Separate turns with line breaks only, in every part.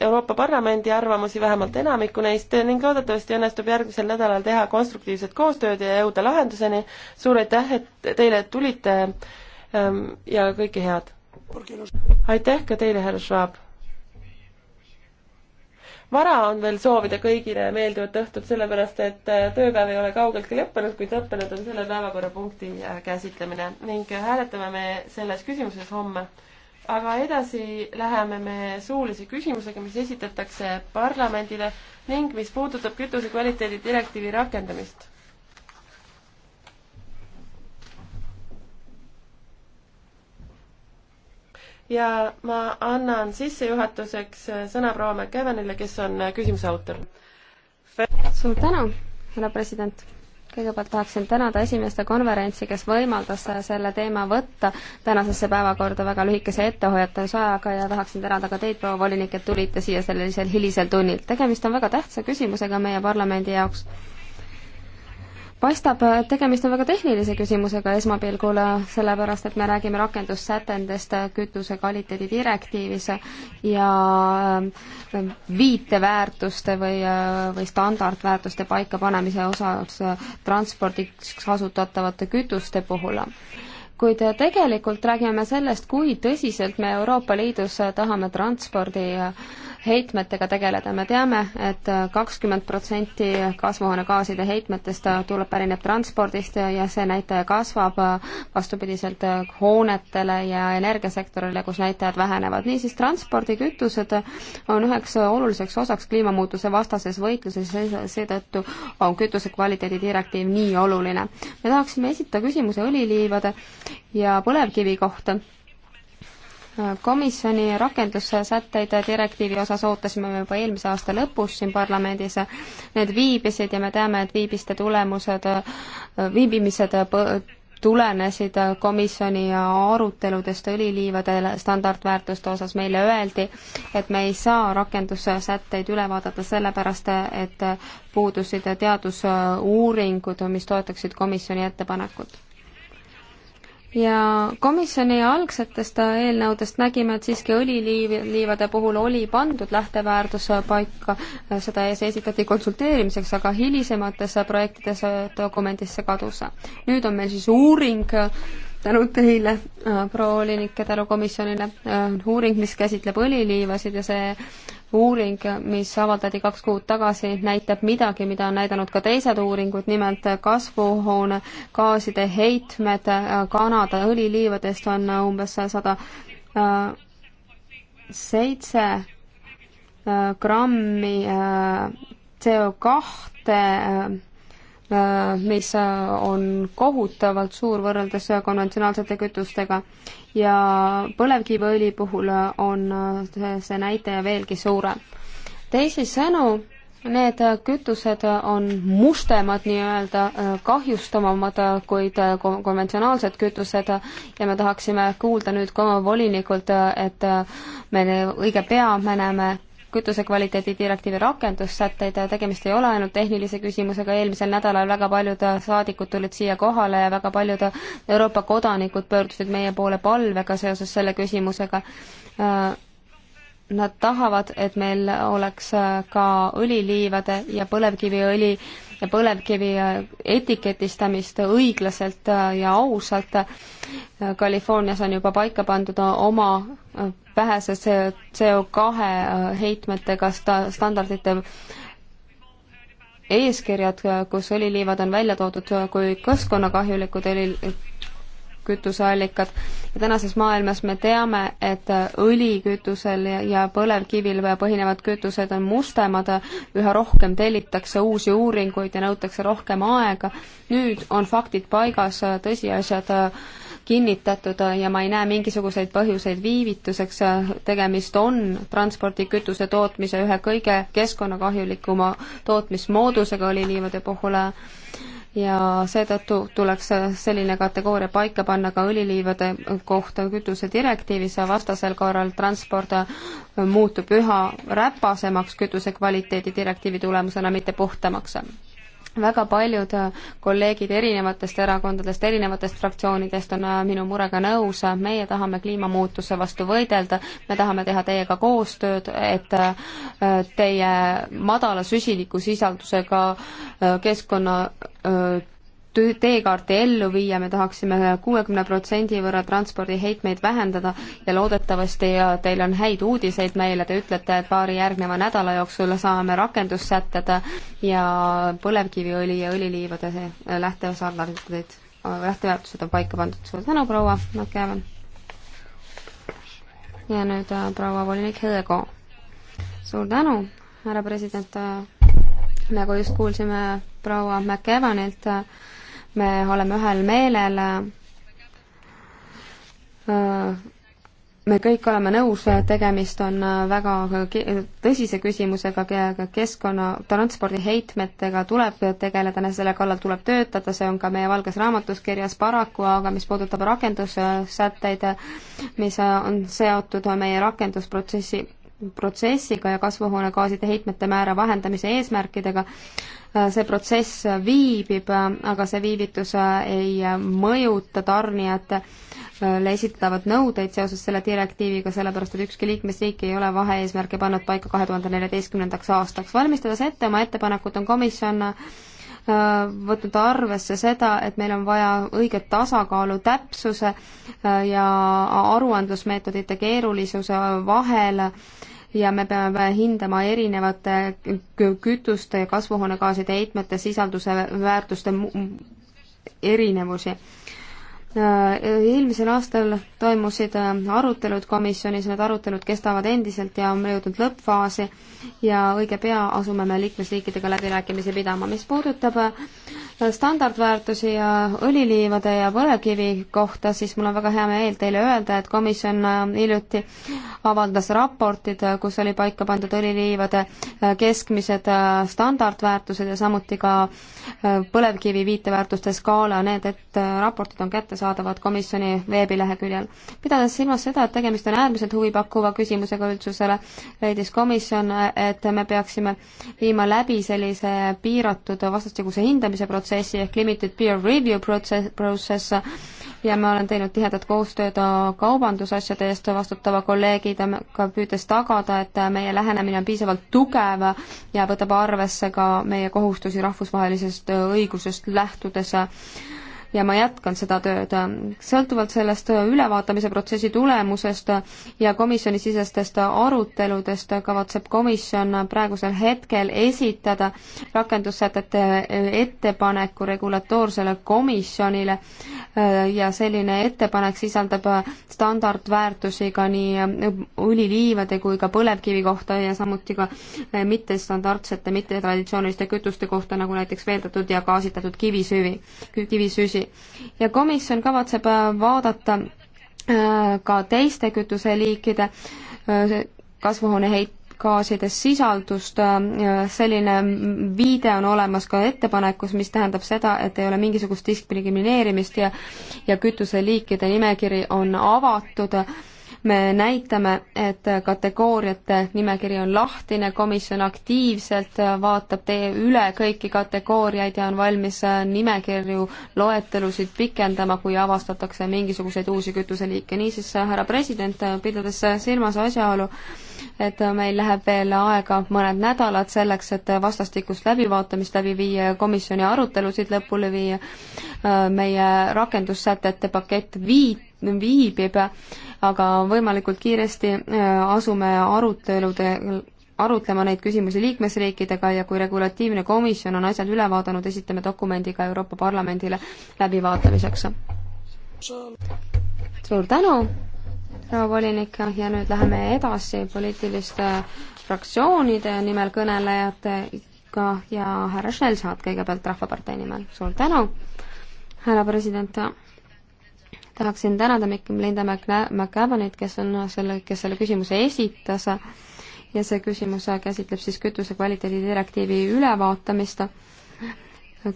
Euroopa Parlamendi arvamusi, vähemalt enamikku neist, ning loodetavasti õnnestub järgmisel nädalal teha konstruktiivset koostööd ja jõuda lahenduseni. suur aitäh, et teile tulite ähm, ja kõike head! aitäh ka teile, härra Schwab! vara on veel soovida kõigile meeldivat õhtut, sellepärast et äh, tööpäev ei ole kaugeltki lõppenud, kuid lõppenud on selle päevakorrapunkti äh, käsitlemine ning äh, hääletame me selles küsimuses homme aga edasi läheme me suulise küsimusega, mis esitatakse parlamendile ning mis puudutab kütuse kvaliteedi direktiivi rakendamist. ja ma annan sissejuhatuseks sõna proua McEvanile, kes on küsimuse autor. suur tänu, härra
president kõigepealt tahaksin tänada esimeste konverentsi, kes võimaldas selle teema võtta tänasesse päevakorda väga lühikese ettehoiatusajaga ja tahaksin tänada ka teid, proua volinik, et tulite siia sellisel hilisel tunnil. tegemist on väga tähtsa küsimusega meie parlamendi jaoks paistab, tegemist on väga tehnilise küsimusega esmapilgul, sellepärast et me räägime rakendussätendest kütuse kvaliteedi direktiivis ja äh, viiteväärtuste või, äh, või standardväärtuste paikapanemise osas äh, transpordiks kasutatavate kütuste puhul kuid tegelikult räägime sellest, kui tõsiselt me Euroopa Liidus tahame transpordi heitmetega tegeleda. me teame et, et kakskümmend protsenti kasvuhoonegaaside heitmetest tuleb, pärineb transpordist ja see näitaja kasvab vastupidiselt hoonetele ja energiasektorile, kus näitajad vähenevad. niisiis, transpordikütused on üheks oluliseks osaks kliimamuutuse vastases võitluses, seetõttu on kütuse kvaliteedi direktiiv nii oluline. me tahaksime esitada küsimuse õliliivade ja põlevkivi kohta. komisjoni rakendussätteid direktiivi osas ootasime me juba eelmise aasta lõpus siin parlamendis. Need viibisid ja me teame, et viibiste tulemused, viibimised tulenesid komisjoni aruteludest õliliivade standardväärtuste osas meile öeldi, et me ei saa rakendussätteid üle vaadata sellepärast, et puudusid teadusuuringud, mis toetaksid komisjoni ettepanekut ja komisjoni algsetest eelnõudest nägime, et siiski õliliivade puhul oli pandud lähteväärtus paika, seda esitati konsulteerimiseks, aga hilisemates projektides dokumendis see kadus. nüüd on meil siis uuring, tänu teile, äh, proua volinik ja tänu komisjonile, äh, uuring, mis käsitleb õliliivasid ja see uuring, mis avaldati kaks kuud tagasi, näitab midagi, mida on näidanud ka teised uuringud, nimelt kasvuhoonegaaside heitmed Kanada õliliivadest on umbes sada äh, seitse äh, grammi äh, CO kahte mis on kohutavalt suur võrreldes konventsionaalsete kütustega ja põlevkiviõli puhul on see näitaja veelgi suurem. teisisõnu, need kütused on mustemad nii-öelda, kahjustavamad kui konventsionaalsed kütused ja me tahaksime kuulda nüüd ka volinikult, et me õige pea me näeme kütusekvaliteedi direktiivi rakendussätteid, tegemist ei ole ainult tehnilise küsimusega, eelmisel nädalal väga paljud saadikud tulid siia kohale ja väga paljud Euroopa kodanikud pöördusid meie poole palvega seoses selle küsimusega nad tahavad, et meil oleks äh, ka õliliivade ja põlevkiviõli ja põlevkivi äh, etiketistamist õiglaselt äh, ja ausalt. Californias on juba paika pandud oma vähese CO2 heitmetega standardite eeskirjad, kus õliliivad on välja toodud kui keskkonnakahjulikud õli, kütuseallikad. ja tänases maailmas me teame, et õlikütusel ja põlevkivil põhinevad kütused on mustemad, üha rohkem tellitakse uusi uuringuid ja nõutakse rohkem aega. nüüd on faktid paigas, tõsiasjad kinnitatud ja ma ei näe mingisuguseid põhjuseid viivituseks. tegemist on transpordikütuse tootmise ühe kõige keskkonnakahjulikuma tootmismoodusega õliliivade puhul ja seetõttu tuleks selline kategooria paika panna ka õliliivade kohta kütusedirektiivis, vastasel korral transport muutub üha räpasemaks kütuse kvaliteedi direktiivi tulemusena, mitte puhtamaks väga paljud äh, kolleegid erinevatest erakondadest, erinevatest fraktsioonidest on äh, minu murega nõus, meie tahame kliimamuutuse vastu võidelda, me tahame teha teiega koostööd, et äh, teie madala süsinikusisaldusega keskkonna teekaarti ellu viia, me tahaksime kuuekümne protsendi võrra transpordiheitmeid vähendada ja loodetavasti teil on häid uudiseid meile, te ütlete, et paari järgneva nädala jooksul saame rakendussätted ja põlevkiviõli ja õliliivade äh, lähtesarnased, äh, lähteväärtused on paika pandud. suur tänu, proua Mäkkevan! ja nüüd äh, proua volinik Hõõgo. suur tänu, härra president, nagu just kuulsime proua McEvanilt, me oleme ühel meelel. me kõik oleme nõus, tegemist on äh, väga äh, tõsise küsimusega, keskkonna, transpordi heitmetega tuleb tegeleda, selle kallal tuleb töötada, see on ka meie valges raamatuskirjas paraku, aga mis puudutab rakendussätteid, mis äh, on seotud meie rakendusprotsessi protsessiga ja kasvuhoonegaaside heitmete määra vähendamise eesmärkidega, Äh, see protsess viibib, aga see viivitus äh, ei äh, mõjuta tarnijatele esitatavat nõudeid seoses selle direktiiviga, sellepärast et ükski liikmesriik ei ole vahe-eesmärke pannud paika kahe tuhande neljateistkümnendaks aastaks. valmistades ette oma ettepanekut, on komisjon võtnud arvesse seda, et meil on vaja õiget tasakaalu täpsuse ja aruandlusmeetodite keerulisuse vahel ja me peame hindama erinevate kütuste ja kasvuhoonegaaside heitmete sisalduse väärtuste erinevusi Äh, eelmisel aastal toimusid äh, arutelud komisjonis, need arutelud kestavad endiselt ja on jõudnud lõppfaasi ja õige pea asume me liikmesriikidega läbirääkimisi pidama. mis puudutab äh, standardväärtusi ja õliliivade ja põlevkivi kohta, siis mul on väga hea meel teile öelda, et komisjon hiljuti avaldas raportid, kus oli paika pandud õliliivade keskmised standardväärtused ja samuti ka põlevkivi viiteväärtuste skaala, need et raportid on kätte kättesaadavad komisjoni veebileheküljel. pidades silmas seda, et tegemist on äärmiselt huvipakkuva küsimusega üldsusele, leidis komisjon, et me peaksime viima läbi sellise piiratud vastastikuse hindamise protsessi ehk limited peer review process, process ja ma olen teinud tihedat koostööd kaubandusasjade eest vastutava kolleegiga, püüdes tagada, et meie lähenemine on piisavalt tugev ja võtab arvesse ka meie kohustusi rahvusvahelisest õigusest lähtudes ja ma jätkan seda tööd. sõltuvalt sellest ülevaatamise protsessi tulemusest ja komisjonisisestest aruteludest kavatseb komisjon praegusel hetkel esitada rakendussätete ettepaneku regulatoorsele komisjonile ja selline ettepanek sisaldab standardväärtusi ka nii õliliivade kui ka põlevkivi kohta ja samuti ka mittestandardsete, mittetraditsiooniliste kütuste kohta, nagu näiteks veeldatud ja gaasitatud kivisüvi, kivisüsi küsimusi ja komisjon kavatseb äh, vaadata äh, ka teiste kütuseliikide äh, kasvuhooneheit-, gaaside sisaldust, selline viide on olemas ka ettepanekus, mis tähendab seda, et ei ole mingisugust diskrimineerimist ja ja kütuseliikide nimekiri on avatud me näitame, et kategooriate nimekiri on lahtine, komisjon aktiivselt vaatab teie üle kõiki kategooriaid ja on valmis nimekirju, loetelusid pikendama, kui avastatakse mingisuguseid uusi kütuseliike. niisiis, härra president, pidades silmas asjaolu, et meil läheb veel aega mõned nädalad selleks, et vastastikust läbivaatamist läbi viia ja komisjoni arutelusid lõpule viia, meie rakendussätete pakett viit viibib, aga võimalikult kiiresti äh, asume arutelude arutlema neid küsimusi liikmesriikidega ja kui regulatiivne komisjon on asjad üle vaadanud, esitame dokumendi ka Euroopa Parlamendile läbivaatamiseks. suur tänu, proua volinik, ja nüüd läheme edasi poliitiliste äh, fraktsioonide nimel kõnelejatega ja härra Schnell saad kõigepealt Rahvapartei nimel, suur tänu, härra president tahaksin tänada Linda McCavanit, kes on selle, kes selle küsimuse esitas ja see küsimus käsitleb siis kütuse kvaliteedi direktiivi ülevaatamist.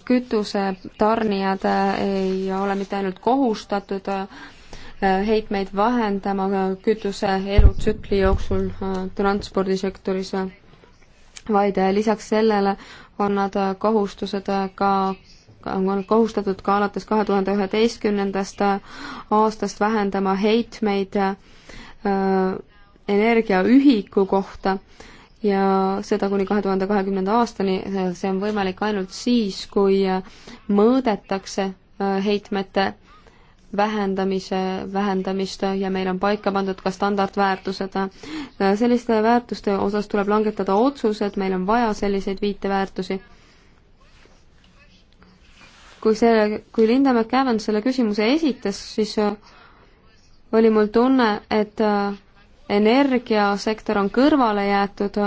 kütusetarnijad ei ole mitte ainult kohustatud heitmeid vahendama kütuse elutsükli jooksul transpordisektoris, vaid lisaks sellele on nad kohustused ka on olnud kohustatud ka alates kahe tuhande üheteistkümnendast aastast vähendama heitmeid äh, energiaühiku kohta ja seda kuni kahe tuhande kahekümnenda aastani, see on võimalik ainult siis, kui mõõdetakse äh, heitmete vähendamise, vähendamist ja meil on paika pandud ka standardväärtused. Äh, selliste väärtuste osas tuleb langetada otsused, meil on vaja selliseid viiteväärtusi kui see, kui Linda McCavan selle küsimuse esitas, siis äh, oli mul tunne, et äh, energiasektor on kõrvale jäetud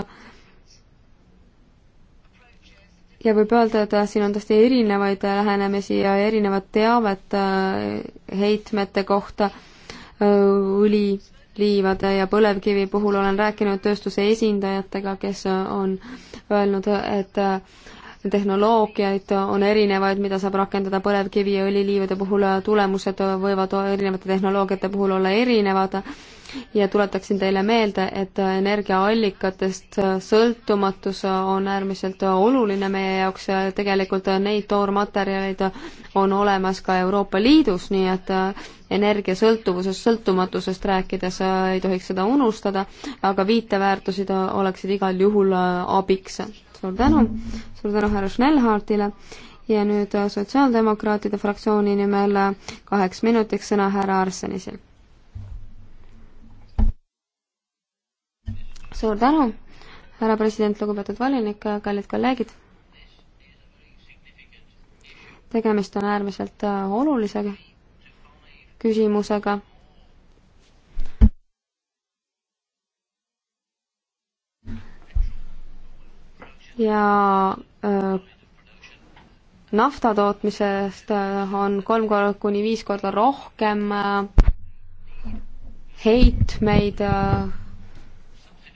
ja võib öelda, et äh, siin on tõesti erinevaid lähenemisi ja erinevat teavet heitmete kohta õli, liivade ja põlevkivi puhul olen rääkinud tööstuse esindajatega, kes on öelnud, et tehnoloogiaid on erinevaid, mida saab rakendada põlevkiviõliliivide puhul, tulemused võivad erinevate tehnoloogiate puhul olla erinevad ja tuletaksin teile meelde, et energiaallikatest sõltumatus on äärmiselt oluline meie jaoks ja tegelikult neid toormaterjaleid on olemas ka Euroopa Liidus, nii et energiasõltuvusest, sõltumatusest rääkides ei tohiks seda unustada, aga viiteväärtused oleksid igal juhul abiks suur tänu, suur tänu härra Schnellhardile ja nüüd äh, Sotsiaaldemokraatide fraktsiooni nimel äh, kaheks minutiks sõna härra Arsenisel. suur tänu, härra president, lugupeetud valinik, äh, kallid kolleegid. tegemist on äärmiselt olulise küsimusega ja äh, nafta tootmisest äh, on kolm korda kuni viis korda rohkem äh, heitmeid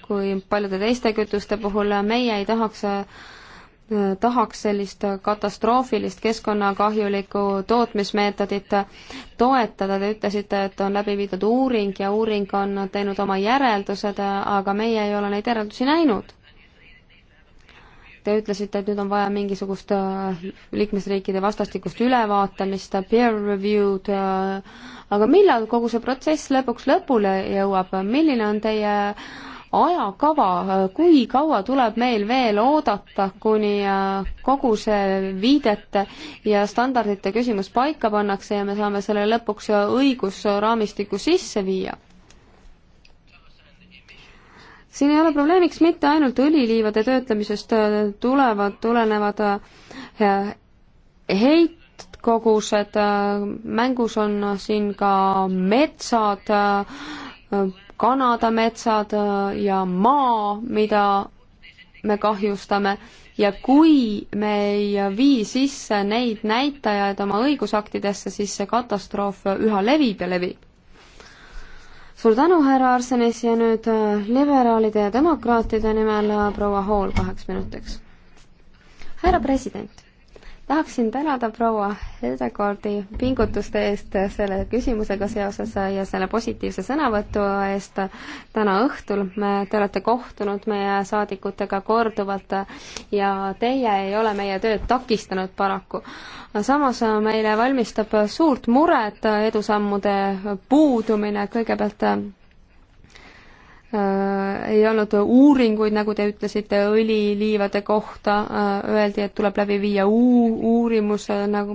kui paljude teiste kütuste puhul. meie ei tahaks, tahaks sellist katastroofilist keskkonnakahjulikku tootmismeetodit toetada. Te ütlesite, et on läbi viidud uuring ja uuring on teinud oma järeldused, aga meie ei ole neid järeldusi näinud te ütlesite, et nüüd on vaja mingisugust äh, liikmesriikide vastastikust ülevaatamist, peer review'd, äh, aga millal kogu see protsess lõpuks lõpule jõuab, milline on teie ajakava, kui kaua tuleb meil veel oodata, kuni äh, kogu see viidete ja standardite küsimus paika pannakse ja me saame selle lõpuks õigusraamistiku sisse viia? siin ei ole probleemiks mitte ainult õliliivade töötlemisest äh, tulevad, tulenevad äh, heitkogused, äh, mängus on siin ka metsad, Kanada metsad ja maa, mida me kahjustame ja kui me ei vii sisse neid näitajaid oma õigusaktidesse, siis see katastroof üha levib ja levib suur tänu, härra Arsenis ja nüüd äh, liberaalide ja demokraatide nimel äh, proua Hool kaheks minutiks. härra president tahaksin tänada proua Hedegaardi pingutuste eest selle küsimusega seoses ja selle positiivse sõnavõtu eest täna õhtul. me, te olete kohtunud meie saadikutega korduvalt ja teie ei ole meie tööd takistanud paraku. samas meile valmistab suurt muret edusammude puudumine, kõigepealt Äh, ei olnud uuringuid, nagu te ütlesite, õliliivade kohta, äh, öeldi, et tuleb läbi viia uu-, uurimus äh, nagu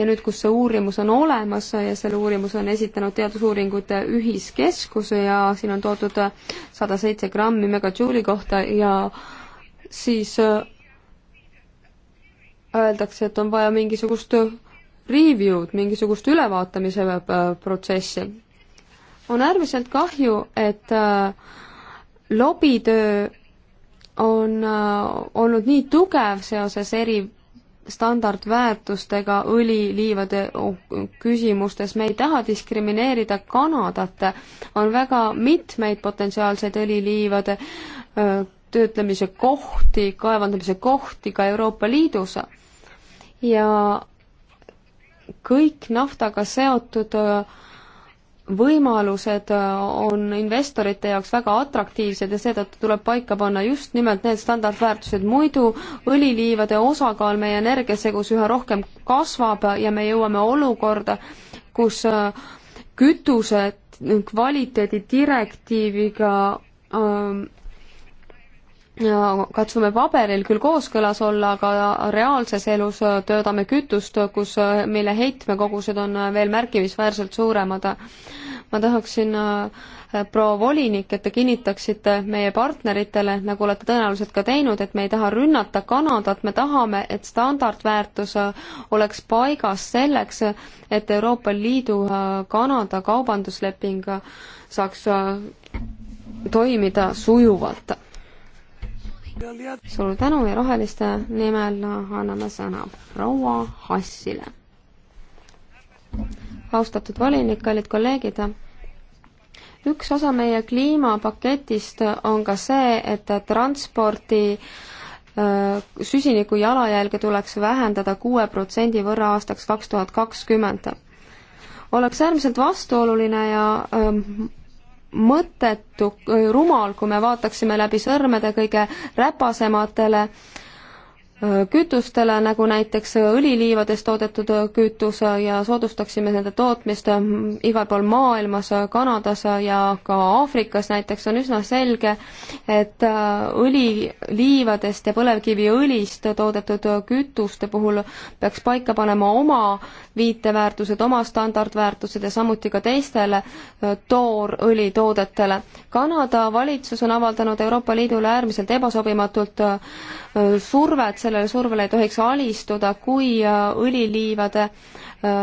ja nüüd, kus see uurimus on olemas ja selle uurimuse on esitanud Teadusuuringute Ühiskeskus ja siin on toodud sada seitse grammi megajuuli kohta ja siis öeldakse, et on vaja mingisugust review'd, mingisugust ülevaatamise protsessi on äärmiselt kahju, et äh, lobitöö on äh, olnud nii tugev seoses eri standardväärtustega õliliivade oh, küsimustes, me ei taha diskrimineerida Kanadat, on väga mitmeid potentsiaalseid õliliivade äh, töötlemise kohti, kaevandamise kohti ka Euroopa Liidus. ja kõik naftaga seotud võimalused äh, on investorite jaoks väga atraktiivsed ja seetõttu tuleb paika panna just nimelt need standardväärtused, muidu õliliivade osakaal meie energiasegus üha rohkem kasvab ja me jõuame olukorda, kus äh, kütuse kvaliteedi direktiiviga ähm, katsume paberil küll kooskõlas olla, aga reaalses elus töötame kütust, kus, mille heitmekogused on veel märkimisväärselt suuremad. ma tahaksin äh, proua volinik, et te kinnitaksite meie partneritele, nagu olete tõenäoliselt ka teinud, et me ei taha rünnata Kanadat, me tahame, et standardväärtus äh, oleks paigas selleks, et Euroopa Liidu äh, Kanada kaubandusleping saaks toimida sujuvalt suur tänu ja roheliste nimel anname sõna proua Hassile. austatud volinik, kallid kolleegid, üks osa meie kliimapaketist on ka see, et transporti äh, süsiniku jalajälge tuleks vähendada kuue protsendi võrra aastaks kaks tuhat kakskümmend. oleks äärmiselt vastuoluline ja öö, ähm, mõttetu, rumal, kui me vaataksime läbi sõrmede kõige räpasematele äh, kütustele, nagu näiteks õliliivadest toodetud kütus ja soodustaksime nende tootmist igal pool maailmas, Kanadas ja ka Aafrikas näiteks on üsna selge, et õliliivadest ja põlevkiviõlist toodetud kütuste puhul peaks paika panema oma viiteväärtused, oma standardväärtused ja samuti ka teistele toorõlitoodetele. Kanada valitsus on avaldanud Euroopa Liidule äärmiselt ebasobimatult survet sellele survele ei tohiks alistuda, kui äh, õliliivade äh,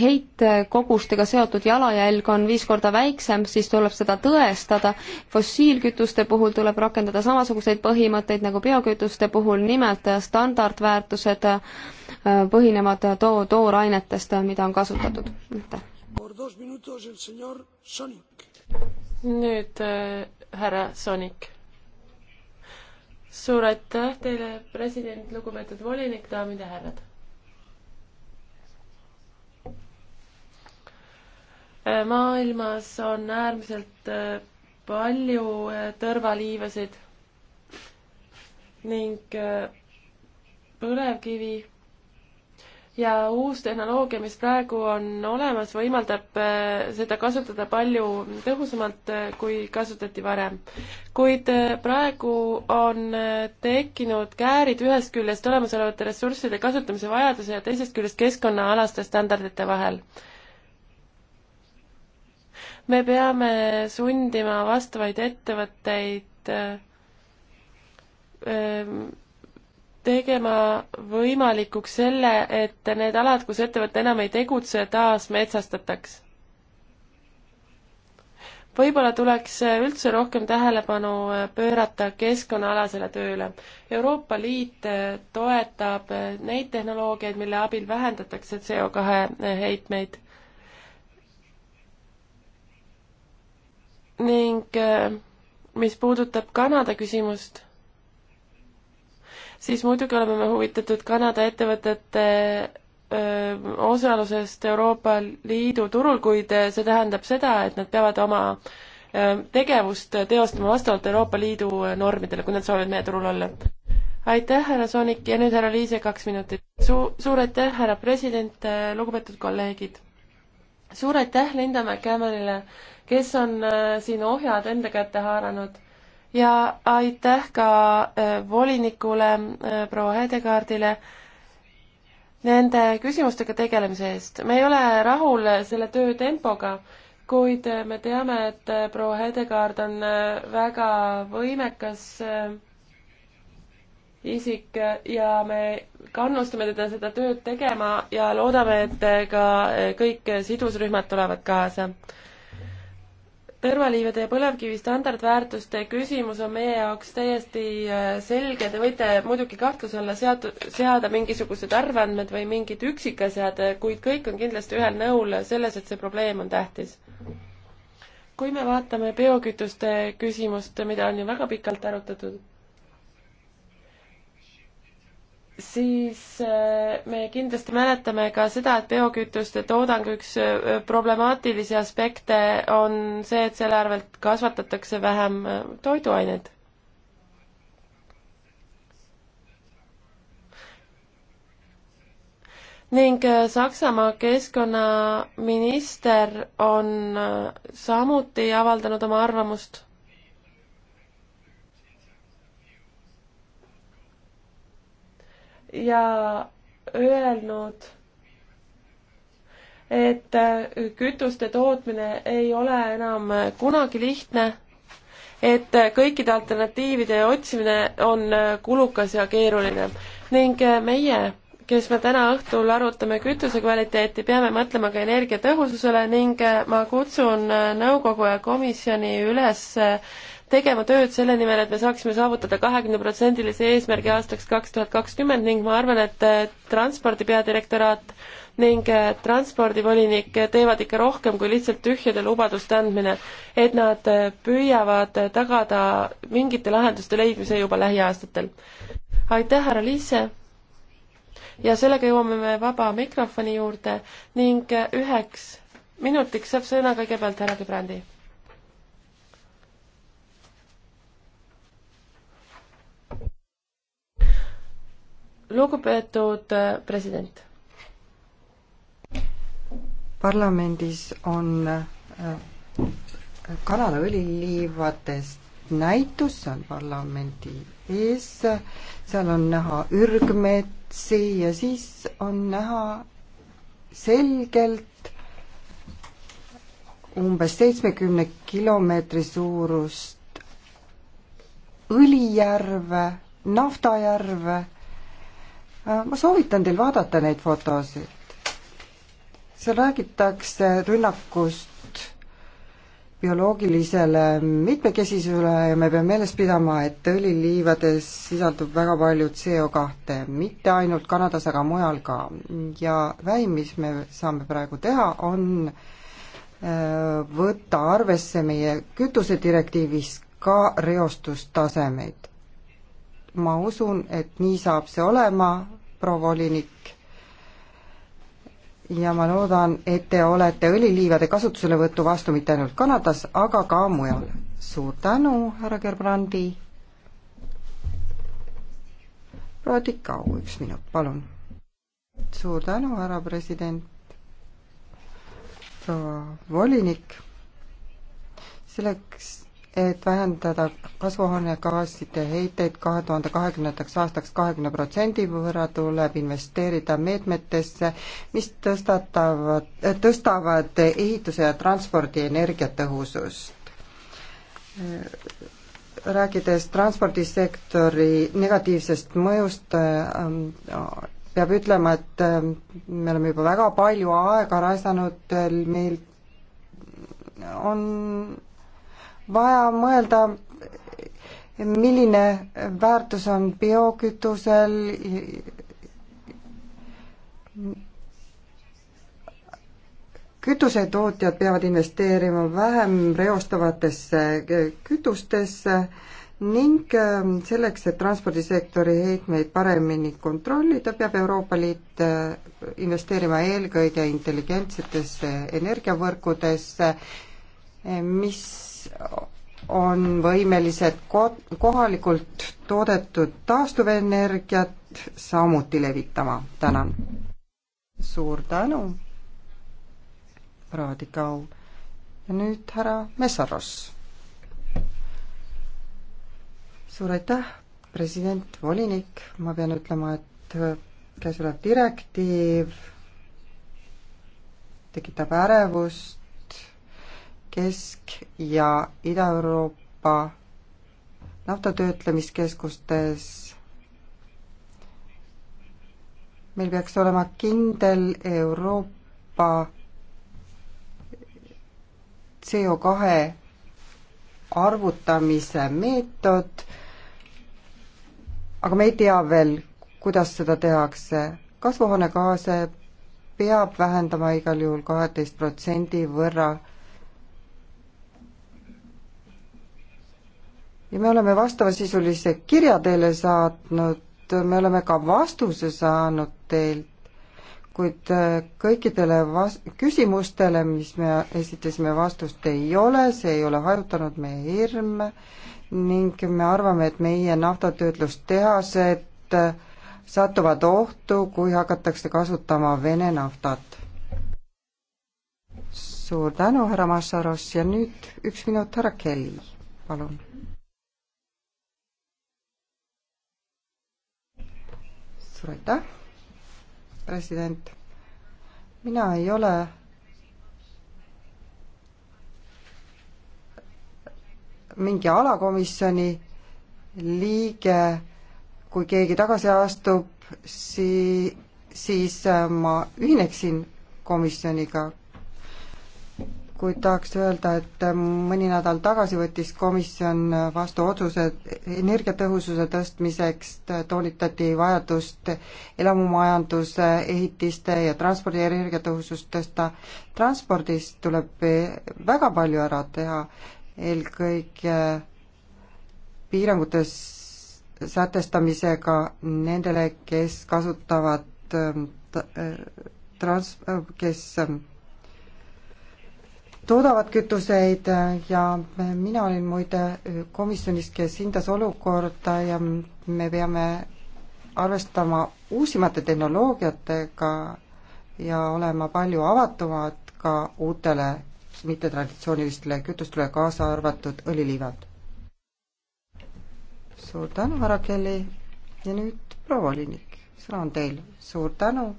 heitkogustega seotud jalajälg on viis korda väiksem, siis tuleb seda tõestada. fossiilkütuste puhul tuleb rakendada samasuguseid põhimõtteid nagu biokütuste puhul, nimelt äh, standardväärtused põhinevad to-, toorainetest, mida on kasutatud. aitäh.
nüüd äh, härra Sonik suur aitäh teile, president, lugupeetud volinik, daamid ja härrad. Äh, maailmas on äärmiselt äh, palju äh, tõrvaliivasid ning põlevkivi ja uus tehnoloogia, mis praegu on olemas, võimaldab äh, seda kasutada palju tõhusamalt, äh, kui kasutati varem. kuid äh, praegu on tekkinud käärid ühest küljest olemasolevate ressursside kasutamise vajaduse ja teisest küljest keskkonnaalaste standardite vahel. me peame sundima vastavaid ettevõtteid öö, ähm, tegema võimalikuks selle, et need alad, kus ettevõte enam ei tegutse, taas metsastataks. võib-olla tuleks üldse rohkem tähelepanu pöörata keskkonnaalasele tööle. Euroopa Liit toetab neid tehnoloogiaid, mille abil vähendatakse CO kahe heitmeid. ning mis puudutab Kanada küsimust siis muidugi oleme me huvitatud Kanada ettevõtete osalusest Euroopa Liidu turul, kuid see tähendab seda, et nad peavad oma tegevust teostama vastavalt Euroopa Liidu normidele, kui nad soovivad meie turul olla. aitäh, härra Soonik ja nüüd härra Liise, kaks minutit. Suu-, suur aitäh, härra president, lugupeetud kolleegid! suur aitäh Linda McCammonile, kes on siin ohjad enda kätte haaranud ja aitäh ka äh, volinikule äh, proua Hedegaardile nende küsimustega tegelemise eest. me ei ole rahul äh, selle töö tempoga, kuid me teame, et proua Hedegaard on väga võimekas isik ja me kannustame teda seda tööd tegema ja loodame, et ka kõik sidusrühmad tulevad kaasa tõrvaliivide ja põlevkivi standardväärtuste küsimus on meie jaoks täiesti äh, selge, te võite muidugi kahtluse alla seatud, seada mingisugused arvandmed või mingid üksikasjad, äh, kuid kõik on kindlasti ühel nõul selles, et see probleem on tähtis. kui me vaatame biokütuste küsimust, mida on ju väga pikalt arutatud siis äh, me kindlasti mäletame ka seda, et biokütuste toodangu üks äh, problemaatilisi aspekte on see, et selle arvelt kasvatatakse vähem äh, toiduaineid. ning Saksamaa keskkonnaminister on samuti avaldanud oma arvamust ja öelnud, et äh, kütuste tootmine ei ole enam kunagi lihtne, et äh, kõikide alternatiivide otsimine on äh, kulukas ja keeruline ning meie, kes me täna õhtul arutame kütuse kvaliteeti, peame mõtlema ka energiatõhususele ning ma kutsun nõukogu ja komisjoni üles tegema tööd selle nimel, et me saaksime saavutada kahekümneprotsendilise eesmärgi aastaks kaks tuhat kakskümmend ning ma arvan, et transpordi peadirektoraat ning äh, transpordivolinik teevad ikka rohkem kui lihtsalt tühjade lubaduste andmine, et nad äh, püüavad tagada mingite lahenduste leidmise juba lähiaastatel. aitäh, härra Liise! ja sellega jõuame me vaba mikrofoni juurde ning äh, üheks minutiks saab sõna kõigepealt härra Gebrandi lugupeetud äh, president.
parlamendis on äh, kanalaõli liivatest näitus, see on parlamendi ees, seal on näha ürgmetsi ja siis on näha selgelt umbes seitsmekümne kilomeetri suurust õlijärve, naftajärve Äh, ma soovitan teil vaadata neid fotosid. seal räägitakse rünnakust bioloogilisele mitmekesisusele ja me peame meeles pidama, et õliliivades sisaldub väga palju CO kahte, mitte ainult Kanadas, aga mujal ka. ja vähim, mis me saame praegu teha, on äh, võtta arvesse meie kütusedirektiivis ka reostustasemeid ma usun, et nii saab see olema, proua volinik. ja ma loodan, et te olete õliliivade kasutuselevõtu vastu mitte ainult Kanadas, aga ka mujal. suur tänu, härra Gerbrandi. proua Tikau, üks minut, palun. suur tänu, härra president. proua volinik, selleks et vähendada kasvuhoonegaaside heiteid kahe tuhande kahekümnendaks aastaks kahekümne protsendi võrra, tuleb investeerida meetmetesse, mis tõstatavad, tõstavad ehituse ja transpordi energiatõhusust. rääkides transpordisektori negatiivsest mõjust, ähm, peab ütlema, et ähm, me oleme juba väga palju aega raisanud, meil on vaja mõelda, milline väärtus on biokütusel, kütusetootjad peavad investeerima vähem reostavatesse kütustesse ning ähm, selleks, et transpordisektori heitmeid paremini kontrollida, peab Euroopa Liit äh, investeerima eelkõige intelligentsetesse energiavõrkudesse, mis on võimelised ko-, kohalikult toodetud taastuvenergiat samuti levitama. tänan! suur tänu, proua Tikau! ja nüüd härra Messaros. suur aitäh, president, volinik, ma pean ütlema, et käesolev direktiiv tekitab ärevust Kesk- ja Ida-Euroopa naftatöötlemiskeskustes. meil peaks olema kindel Euroopa CO kahe arvutamise meetod, aga me ei tea veel, kuidas seda tehakse. kasvuhoonegaase peab vähendama igal juhul kaheteist protsendi võrra ja me oleme vastavasisulise kirja teile saatnud, me oleme ka vastuse saanud teilt, kuid äh, kõikidele vas-, küsimustele, mis me esitasime, vastust ei ole, see ei ole hajutanud meie hirme ning me arvame, et meie naftatöötlustehased äh, satuvad ohtu, kui hakatakse kasutama Vene naftat. suur tänu, härra Massaros ja nüüd üks minut, härra Kelly, palun suur aitäh, president. mina ei ole mingi alakomisjoni liige, kui keegi tagasi astub, sii-, siis äh, ma ühineksin komisjoniga, kuid tahaks öelda, et mõni nädal tagasi võttis komisjon vastu otsuse energiatõhususe tõstmiseks, toonitati vajadust elamumajanduse, ehitiste ja transpordi energiatõhusust tõsta. transpordis tuleb väga palju ära teha, eelkõige piirangutes sätestamisega nendele, kes kasutavad äh, trans-, kes ähm, toodavad kütuseid ja mina olin muide komisjonis, kes hindas olukorda ja me peame arvestama uusimate tehnoloogiatega ja olema palju avatumad ka uutele mittetraditsioonilistele kütustele, kaasa arvatud õliliivad. suur tänu, härra Kelly ja nüüd proua Linik, sõna on teil, suur tänu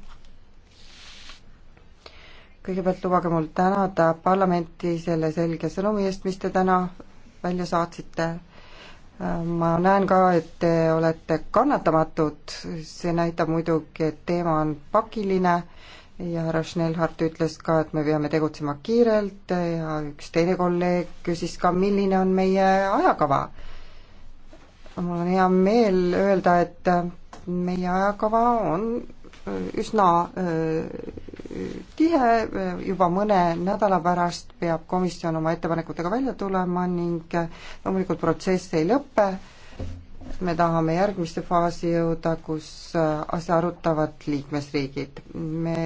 kõigepealt lubage mul tänada parlamenti selle selge sõnumi eest, mis te täna välja saatsite. Äh, ma näen ka, et te olete kannatamatud, see näitab muidugi, et teema on pakiline ja härra Schnellhardt ütles ka, et me peame tegutsema kiirelt ja üks teine kolleeg küsis ka, milline on meie ajakava. mul on hea meel öelda, et meie ajakava on üsna äh, tihe, juba mõne nädala pärast peab komisjon oma ettepanekutega välja tulema ning äh, loomulikult protsess ei lõpe, me tahame järgmisse faasi jõuda, kus äh, asja arutavad liikmesriigid. me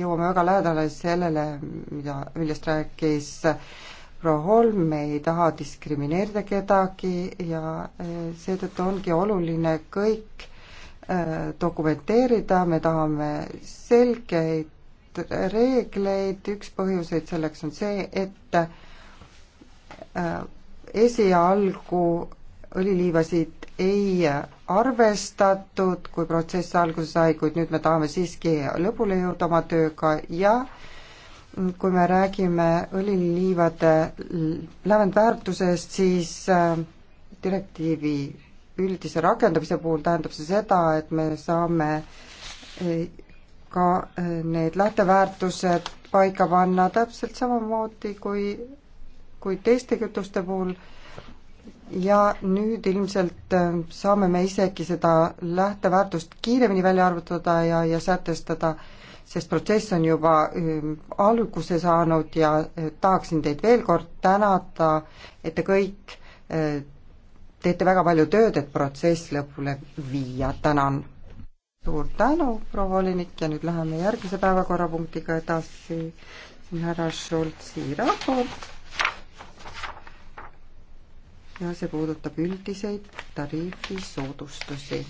jõuame väga lähedale sellele, mida, millest rääkis proua Holm, me ei taha diskrimineerida kedagi ja seetõttu ongi oluline kõik dokumenteerida, me tahame selgeid reegleid, üks põhjuseid selleks on see, et äh, esialgu õliliivasid ei arvestatud, kui protsess alguse sai, kuid nüüd me tahame siiski lõpule jõuda oma tööga ja kui me räägime õliliivade lävendväärtusest, siis äh, direktiivi üldise rakendamise puhul tähendab see seda, et me saame e, ka e, need lähteväärtused paika panna täpselt samamoodi kui, kui teiste kütuste puhul ja nüüd ilmselt e, saame me isegi seda lähteväärtust kiiremini välja arvutada ja, ja sätestada, sest protsess on juba alguse saanud ja tahaksin teid veel kord tänada, et te kõik teete väga palju tööd, et protsess lõpule viia, tänan. suur tänu, proua volinik ja nüüd läheme järgmise päevakorrapunktiga edasi. siin härra Šoltsi raport. ja see puudutab üldiseid tariifisoodustusi